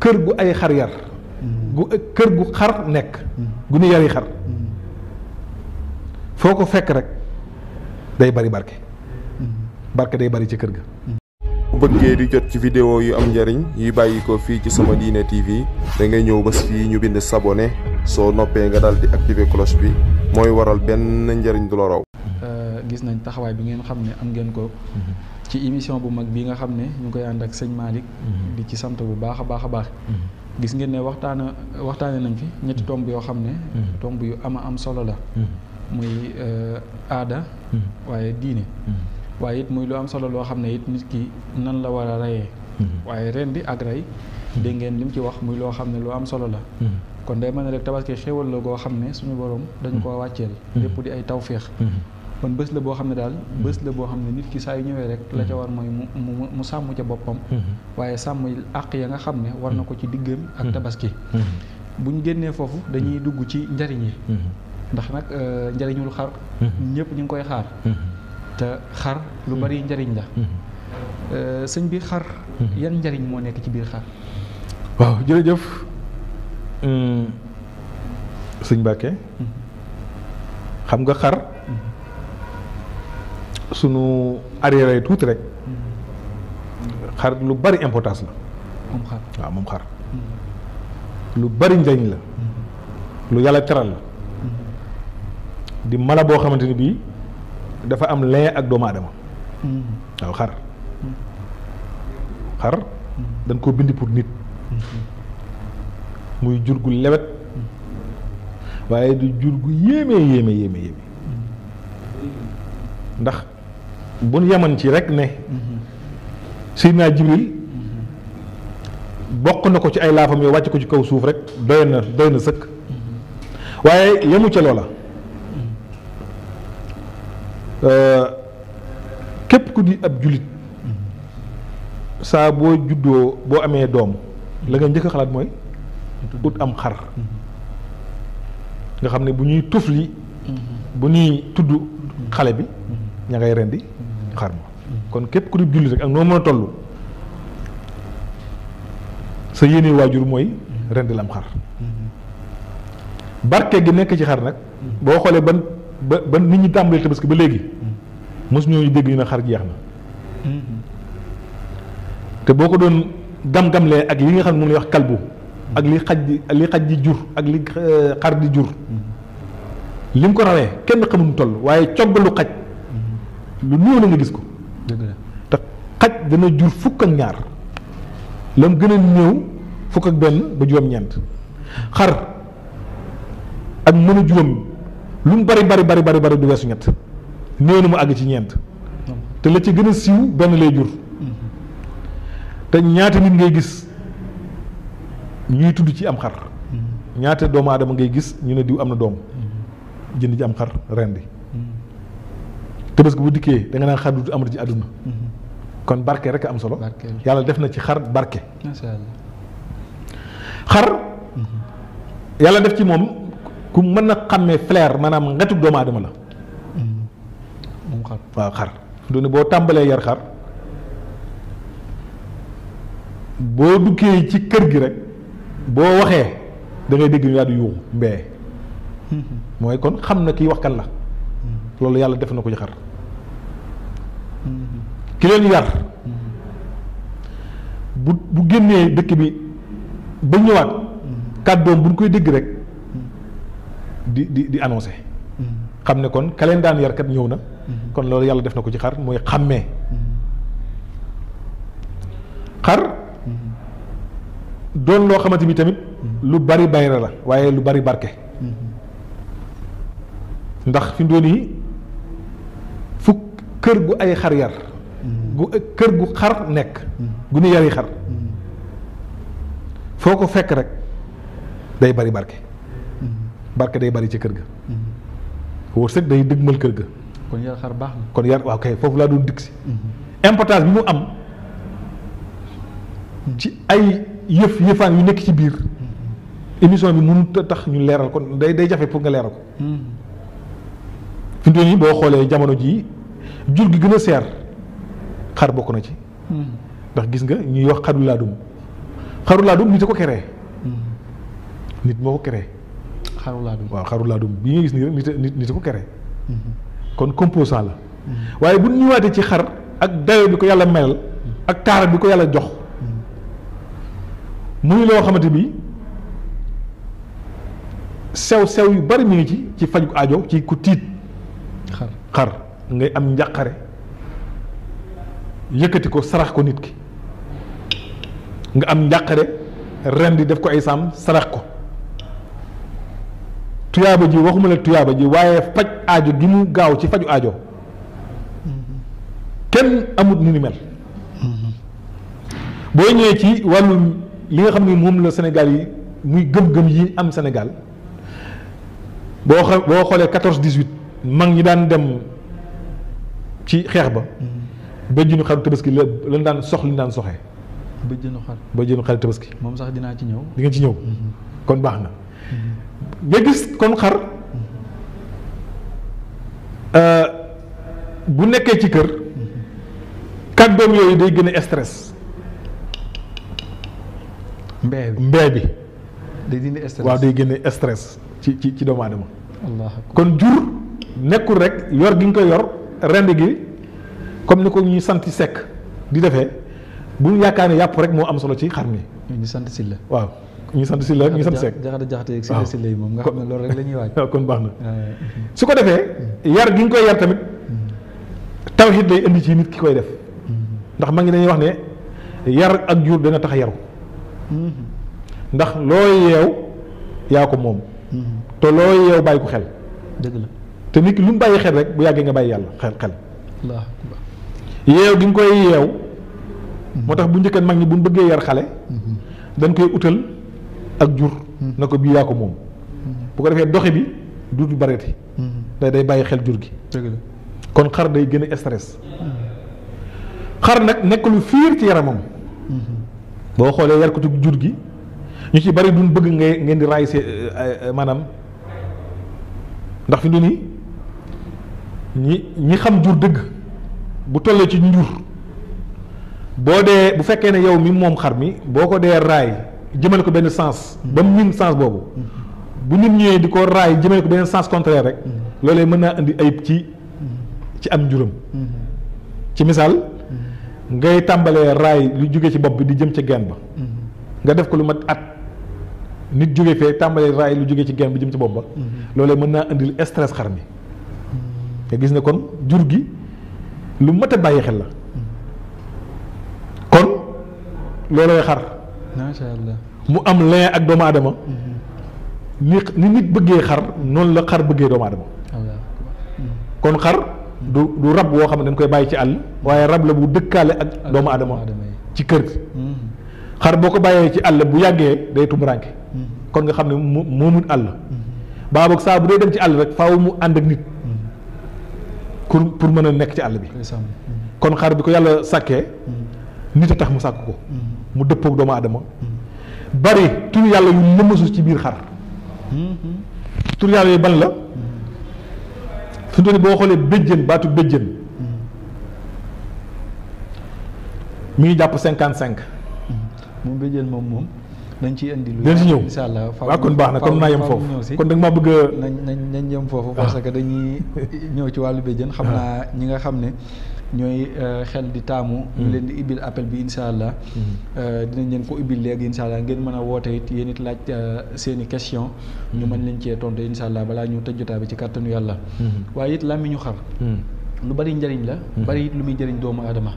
kër gu ay xar mm. kër gu xar nekk mm. gu ñu yari xar mm. foo ko fekk rek day bari barke barke day bari ci kër ga bu bëggee di jot ci vidéo yu am njariñ yi bàyyi ko fii ci sama diine tv dangay ngay ñëw bés fii ñu bind sabone soo noppee nga daal di activer cloche bi mooy waral benn njariñ du la raw euh, gis nañ taxawaay bi ngeen xam ne am ngeen ko mhm. ci émission bu mag bi nga xam ne ñu ngi koy ànd ak sëñ Malick mhm. di ci sant bu baax a baax a baax mhm. gis ngeen ne waxtaana waxtaane nañ fi ñetti tomb yoo xam ne tomb yu ama am solo la muy euh, aada waaye diine waaye it muy lu am solo loo xam ne it nit ki nan la war a reyee waaye rendi ak rey dégg ngeen lim ci wax muy loo xam ne lu am solo la kon day mën rek tabaski xéwal la goo xam ne suñu boroom dañu ko wàcceel lépp di kon bés la boo xam ne daal hmm. bés la boo xam ne nit ki saa yu ñëwee rek la ca hmm. war mooy mu mu sàmm ca boppam hmm. waaye sàmm àq ya nga xam ne war na ko ci diggam ak tabaski buñ génnee foofu dañuy dugg ci njariñ yi ndax nag euh, njariñul xar ñëpp ñu ngi koy xaar te xar lu bari njariñ la euh, sëñ bi xar yan njariñ moo nekk ci biir xar waaw jërëjëf sëñ Mbàkke xam nga xar sunu arrière tout rek xar lu bari importance la mom xar wa mom xar lu bari ndagn la lu yalla teral la di mala bo xamanteni bi, dafa am lien ak doom aadama wa xar xar dañ ko bindi pour nit muy jurgu lewet waye du jurgu yeme yeme yeme yeme ndax bu nu ci rek ne Seydina Jibril bokk na ko ci ay laafam yoo wàcc ko ci kaw suuf rek doy na doy sëkk waaye yamu ca la euh, képp ku di ab jullit saa boo juddoo boo amee doom la ngay njëkk xalaat mooy ut am xar nga xam ne bu ñuy tufli bu ñuy tudd xale bi ña rendi ñu ma kon képp ku di julli rek ak noo mën a toll sa yéene waajur mooy rendi am xar barke gi nekk ci xar nag boo xoolee ba ba ban nit ñi tàmbalee tabaski ba léegi mos ñooñu dégg ñu ne xar jeex na te boo ko doon gam-gamlee ak li nga xam ne moom lay wax kalbu ak li xaj li xaj di jur ak li xar di jur li lim ko rawee kenn xamuñu toll waaye coggalu xaj lu néew la nga gis ko. te xaj dana jur fukk ak ñaar la mu gën a néew fukk ak benn ba juróom-ñeent xar ak mën a juróom lu mu bari bari bari bari bari du weesu ñett néew na mu àgg ci ñeent. te la ci gën a siiw benn lay jur. te ñaata nit ngay gis ñuy tudd ci am xar. Mm-hmm. ñaata doomu aadama ngay gis ñu ne diw am na doom mm-hmm. jënd ci am xar rendi tabaski bu dikkee da nga naan xar du ci àdduna mhm. kon barke rek am solo yalla def na ci xar barke xar mhm. yalla def ci mom ku mën xamé flair manam ngatu doom aadama la mhm. moom xar wa xar do ne bo tambalé yar xar bo duké ci kër gi rek bo waxé da ngay dégg ñu daal di yuuxu kon xam na kii wax kan la loolu yalla def na ko ci xar ki leen yar bu bu génnee dëkk bi ba ñëwaat kàddoom bu ñu koy dégg rek di di di annoncé xam ne kon kaleen daan yar kat ñëw na kon loolu yàlla def na ko ci xar mooy xàmmee xar doon loo xamante bi tamit lu bari bayra la waaye lu bari barke ndax fi mu doon yi fukk kër gu ay xar yar gu kër gu xar nekk mm-hmm. gu ñu yari xar mm-hmm. foo ko fekk rek day bari barke mm-hmm. barke day bari ci kër ga wërsëg day dëgmal kër ga kon yar xar baax na kon yar waaw kay foofu laa doon dikk si importance bi mu am ci ay yëf yëfaan yu nekk ci biir émission bi mënut a tax ñu leeral ko day day jafe pour nga leeral ko fi mu boo xoolee jamono ji jur gi gën a seer xar bokk na ci. Hmm. ndax gis nga ñuy wax xaru laadum nit a ko kere hmm. nit moo ko créé. xaru waaw xaru laadum bi nga gis nii rek nit a ko créé. Hmm. kon composant la. waaye bu ñu ci xar ak dayo bi ko yàlla melal. ak taara bi ko yàlla jox. muy loo xamante bi sew sew yu bari mi ngi ci ci faj ajo ci ku tiit. xar xar ngay am njàqare. yëkkati ko sarax ko nit ki nga am njàqare ren di def ko ay saam sarax ko tuyaaba ji waxuma la tuyaaba ji waaye faj aajo gi mu gaaw ci faju aajo kenn amut nu ni mel boo ñëwee ci wàllu li nga xam ni moom la Sénégal yi muy gëm-gëm yi am Sénégal boo xa boo xoolee quatorze dix-huit mag ñi daan dem ci xeex ba ju bëjjënu xar tabaski la lan daan sox li daan soxee. bëjjënu xar bëjjënu xar tabaski. moom sax dinaa ci ñëw. di nga ci ñëw. Mhm. kon baax na. Mhm. nga gis kon xar mhm. euh, bu nekkee ci kër kàddoom yooyu day gën a stress. mbee bi mbee bi. day dindi stress waaw day gën stress ci ci ci doomu aadama. kon jur nekkul rek yor gi nga ko yor rend gi. comme ni ko ñu sant sekk di defee bu ñu yaakaar ne yàpp rek moo am solo ci xar mi. ñu sant si la waaw. ñu sant si la ñu sant sekk jaxate jaxate yeeg si la moom nga xam ne loolu rek la ñuy waaj. kon baax ah, su ko defee yar gi ñu koy yar tamit hmm. tawxiid lay indi ci nit ki koy def hmm. ndax ma ngi dañuy wax ne yar ak jur dana tax yaru hmm. ndax loo yeew yaa ko moom. te loo yeew bàyyi ko xel. dëgg la te nit lu mu bàyyi xel rek bu yàggee nga bàyyi yàlla xel xel. yew gi nga koy yeew moo tax bu njëkkan mag ñi bu bëggee yar xalé dañ koy utal ak jur nako bi bii ko bu ko defé doxé bi du bareeti day day bayyi xel jur gi kon xar day gëna stress xar nak nek lu fiir ci yaramam bo xolé yar ko tu jur gi ñu ci bari duñ bëgg ngay ngeen di raay eh, manam ndax fi ni ñi ñi xam jur deug bu tollee ci njur boo dee bu fekkee ne yow mi moom xar mi boo ko dee raay jëmale ko benn sens ba mu miin sens boobu bu nit ñëwee di ko raay jëmale ko benn sens contraire rek loolee mën naa indi ayib ci ci am njuram ci misaal ngay tàmbalee raay lu jóge ci bopp bi di jëm ca geen ba nga def ko lu mat at nit jóge fee tàmbalee raay lu jóge ci geen bi jëm ci bopp ba loolee mën naa indil stress xar mi nga gis ne kon jur gi lu mat a bàyyi xel la kon loolooy xar. macha allah mu am lien ak doomu aadama. Mhm. ni nit bëggee xar noonu la xar bëggee doomu aadama. Mhm. kon xar mhm. du du rab woo xam ne dañ koy bàyyi ci àll waaye rab la bu dëkkaale ak doomu aadama ci kër gi xar boo ko bàyyee ci àll bu yàggee day tumuraanke kon nga xam ne moomut àll baa boog saa bu dem ci àll rek faaw mu ànd ak nit pour pour mën a nekk ci àll bi. kon xar bi ko yàlla sàkkee. nit a tax mu sàkk ko. mu dëppoog doomu aadama. bari tur yàlla yu lëmasu ci biir xar. tur yàlla yi ban la. fi boo xoolee béjjén baatu béjjén. mi ngi jàpp cinquante cinq. moom béjjén moom moom. dañ ci indi lu. dañ ci ñëw incha allah waaw na kon naa yem foofu kon da nga maa a. nañ nañ foofu ah. parce que dañuy ñëw ci wàllu béjjën xam ah. naa ñi nga xam ne. ñooy euh, xel di taamu. ñu hmm. leen di ibbil appel bi incha allah. Hmm. Euh, dinañ leen ko ibbil léegi incha ngeen mën a woote it yéen it laaj euh, seen i question ñu hmm. mën leen cee tontu incha allah balaa ñu tëj jotaay bi ci kàttanu yàlla. waaye it làmmiñu xar. lu bari njariñ la. bari it lu muy jëriñ doomu aadama.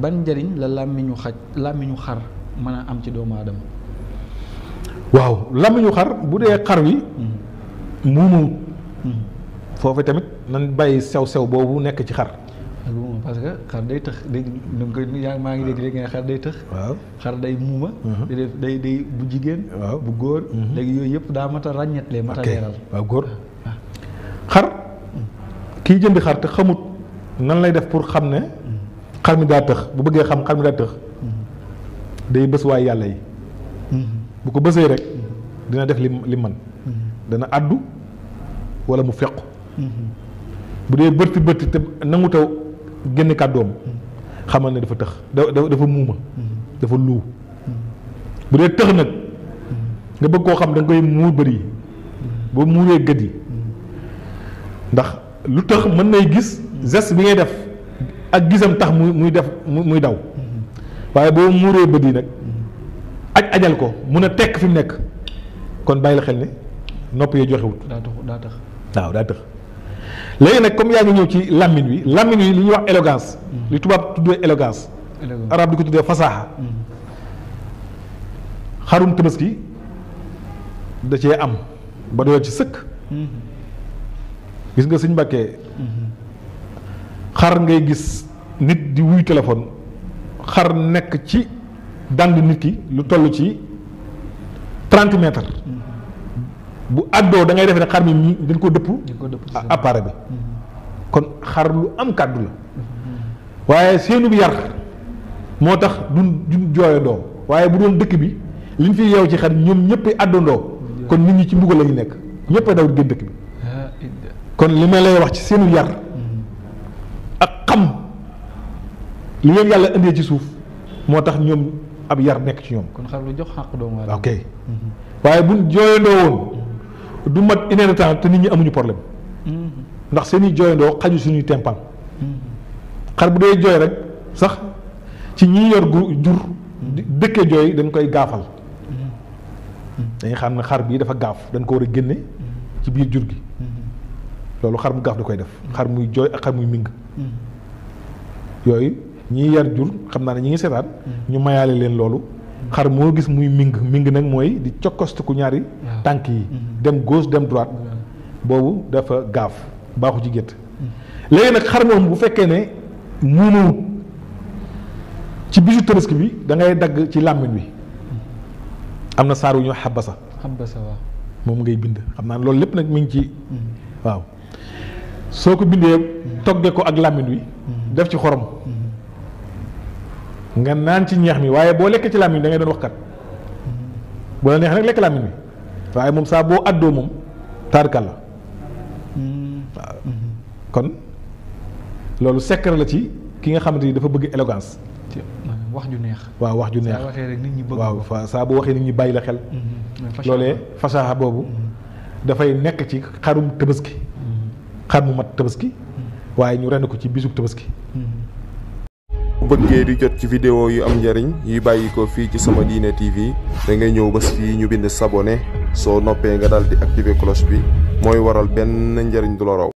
ban njariñ la làmmiñu xaj làmmiñu xar. mën a am ci doomu aadama. waaw làmmiñu xar bu dee xar wi. Hmm. muumawut. Hmm. foofu tamit nan bàyyi sew sew boobu nekk ci xar. parce que xar day tëx dégg nga maa ngi dégg léegi ne xar day tëx. waaw day muuma. Hmm. day day bu jigéen. waaw bu góor. léegi yooyu yëpp daa mat a ràññetle mat a leeral. waaw góor ah. xar. kiy jënd xar te xamut nan lay def pour xam ne. xar mi daa tëx bu bëggee xam xar mi daa tëx. day bës waay yàlla yi mm-hmm. bu ko bësee rek dina def li li man mm-hmm. dana àddu wala mu feq mm-hmm. bu dee bërti bërti te nangu taw génn kàddoom xamal ne dafa tëx dafa muuma dafa luu bu dee tëx nag nga bëgg koo xam da nga koy muur bëri yi boo muuree gët yi ndax lu tëx mën nay gis geste bi ngay def ak gisam tax muy muy def muy daw waaye boo muuree bët yi nag aj ajal ko mun a tekk fi mu nekk kon bàyyi la xel ne nopp yee joxewut daa tax daa waaw daa tax léegi nag comme yaa ngi ñëw ci làmmiñ wi làmmiñ wi li ñuy wax élégance mm. li tubaab tuddee élégance arab di ko tuddee fasaaxa mm. xarum tabaski da cee am ba doyal ci sëkk mm-hmm. gis nga suñ mbàkkee mm-hmm. xar ngay gis nit di wuy téléphone xar nekk ci dànd nit ki lu toll ci trent mètres bu àddoo da ngay def ne xar mi dañ ko dëpp appareil bi mm-hmm. kon xar lu am kàddu la waaye seenu yar moo tax duñ duñ jooyandoo waaye bu doon dëkk bi liñ fi yeew ci xar ñoom ñëpp àddandoo kon nit ñi ci mbugal la nekk ñëpp a daw génn dëkk bi ah, kon li ma lay wax ci seenu yar li leen yàlla indee ci suuf moo tax ñoom ab yar nekk ci ñoom. kon xar lu jox xàq doomu aadama. ok mhm. waaye bu jooyandoo woon du mat une temps te nit ñi amuñu problème mhm. ndax seeni i jooyandoo xaju suñuy tempan mhm. xar bu dee jooy rek sax ci ñi yor gu jur dëkke jooy dañ koy gaafal dañuy xam ne xar bii dafa gaaf dañ ko war a génne ci biir jur gi loolu xar bu gaaf da koy def xar muy jooy ak xar muy ming yooyu ñi yar jur xam naa ne ñi ngi seetaan mm. ñu mayaale leen loolu xar moo gis muy ming ming nag mooy di cokkostiku ñaari tànk yi mm-hmm. dem gauche dem droite boobu dafa gaaf baaxu ci gétt mm. léegi nag xar moom bu fekkee ne muumawut ci bisu tabaski bi dangay dagg ci làmbin wi mm. am na saar wu ñu xabasa xabasa waaw moom ngay bind xam naa loolu lépp nag mi ngi ci waaw soo ko bindee toggee ko ak làmbin wi def ci xorom nga naan ci ñeex mi waaye boo lekk ci làmmiñ da ngay doon waxkat bu la neex nag lekk làmmiñ mi waaye moom saa boo àddoo moom taarkal la kon loolu sekkar la ci ki nga xamante ni dafa bëgg élégance wax ju neex waaw wax ju neex saa rek nit ñi waaw saa bu waxee nit ñi bàyyi la xel mm-hmm. loolee fasaxa boobu mm-hmm. dafay nekk ci xarum tabaski mm-hmm. xar mu mat tabaski waaye ñu ren ko ci bisub tabaski bëggee di jot ci vidéo yi am njariñ yi bàyyi ko fii ci sama diine TV da ngay ñëw bés fii ñu bind sabone soo noppee nga daal di activé cloche bi mooy waral benn njariñ du la raw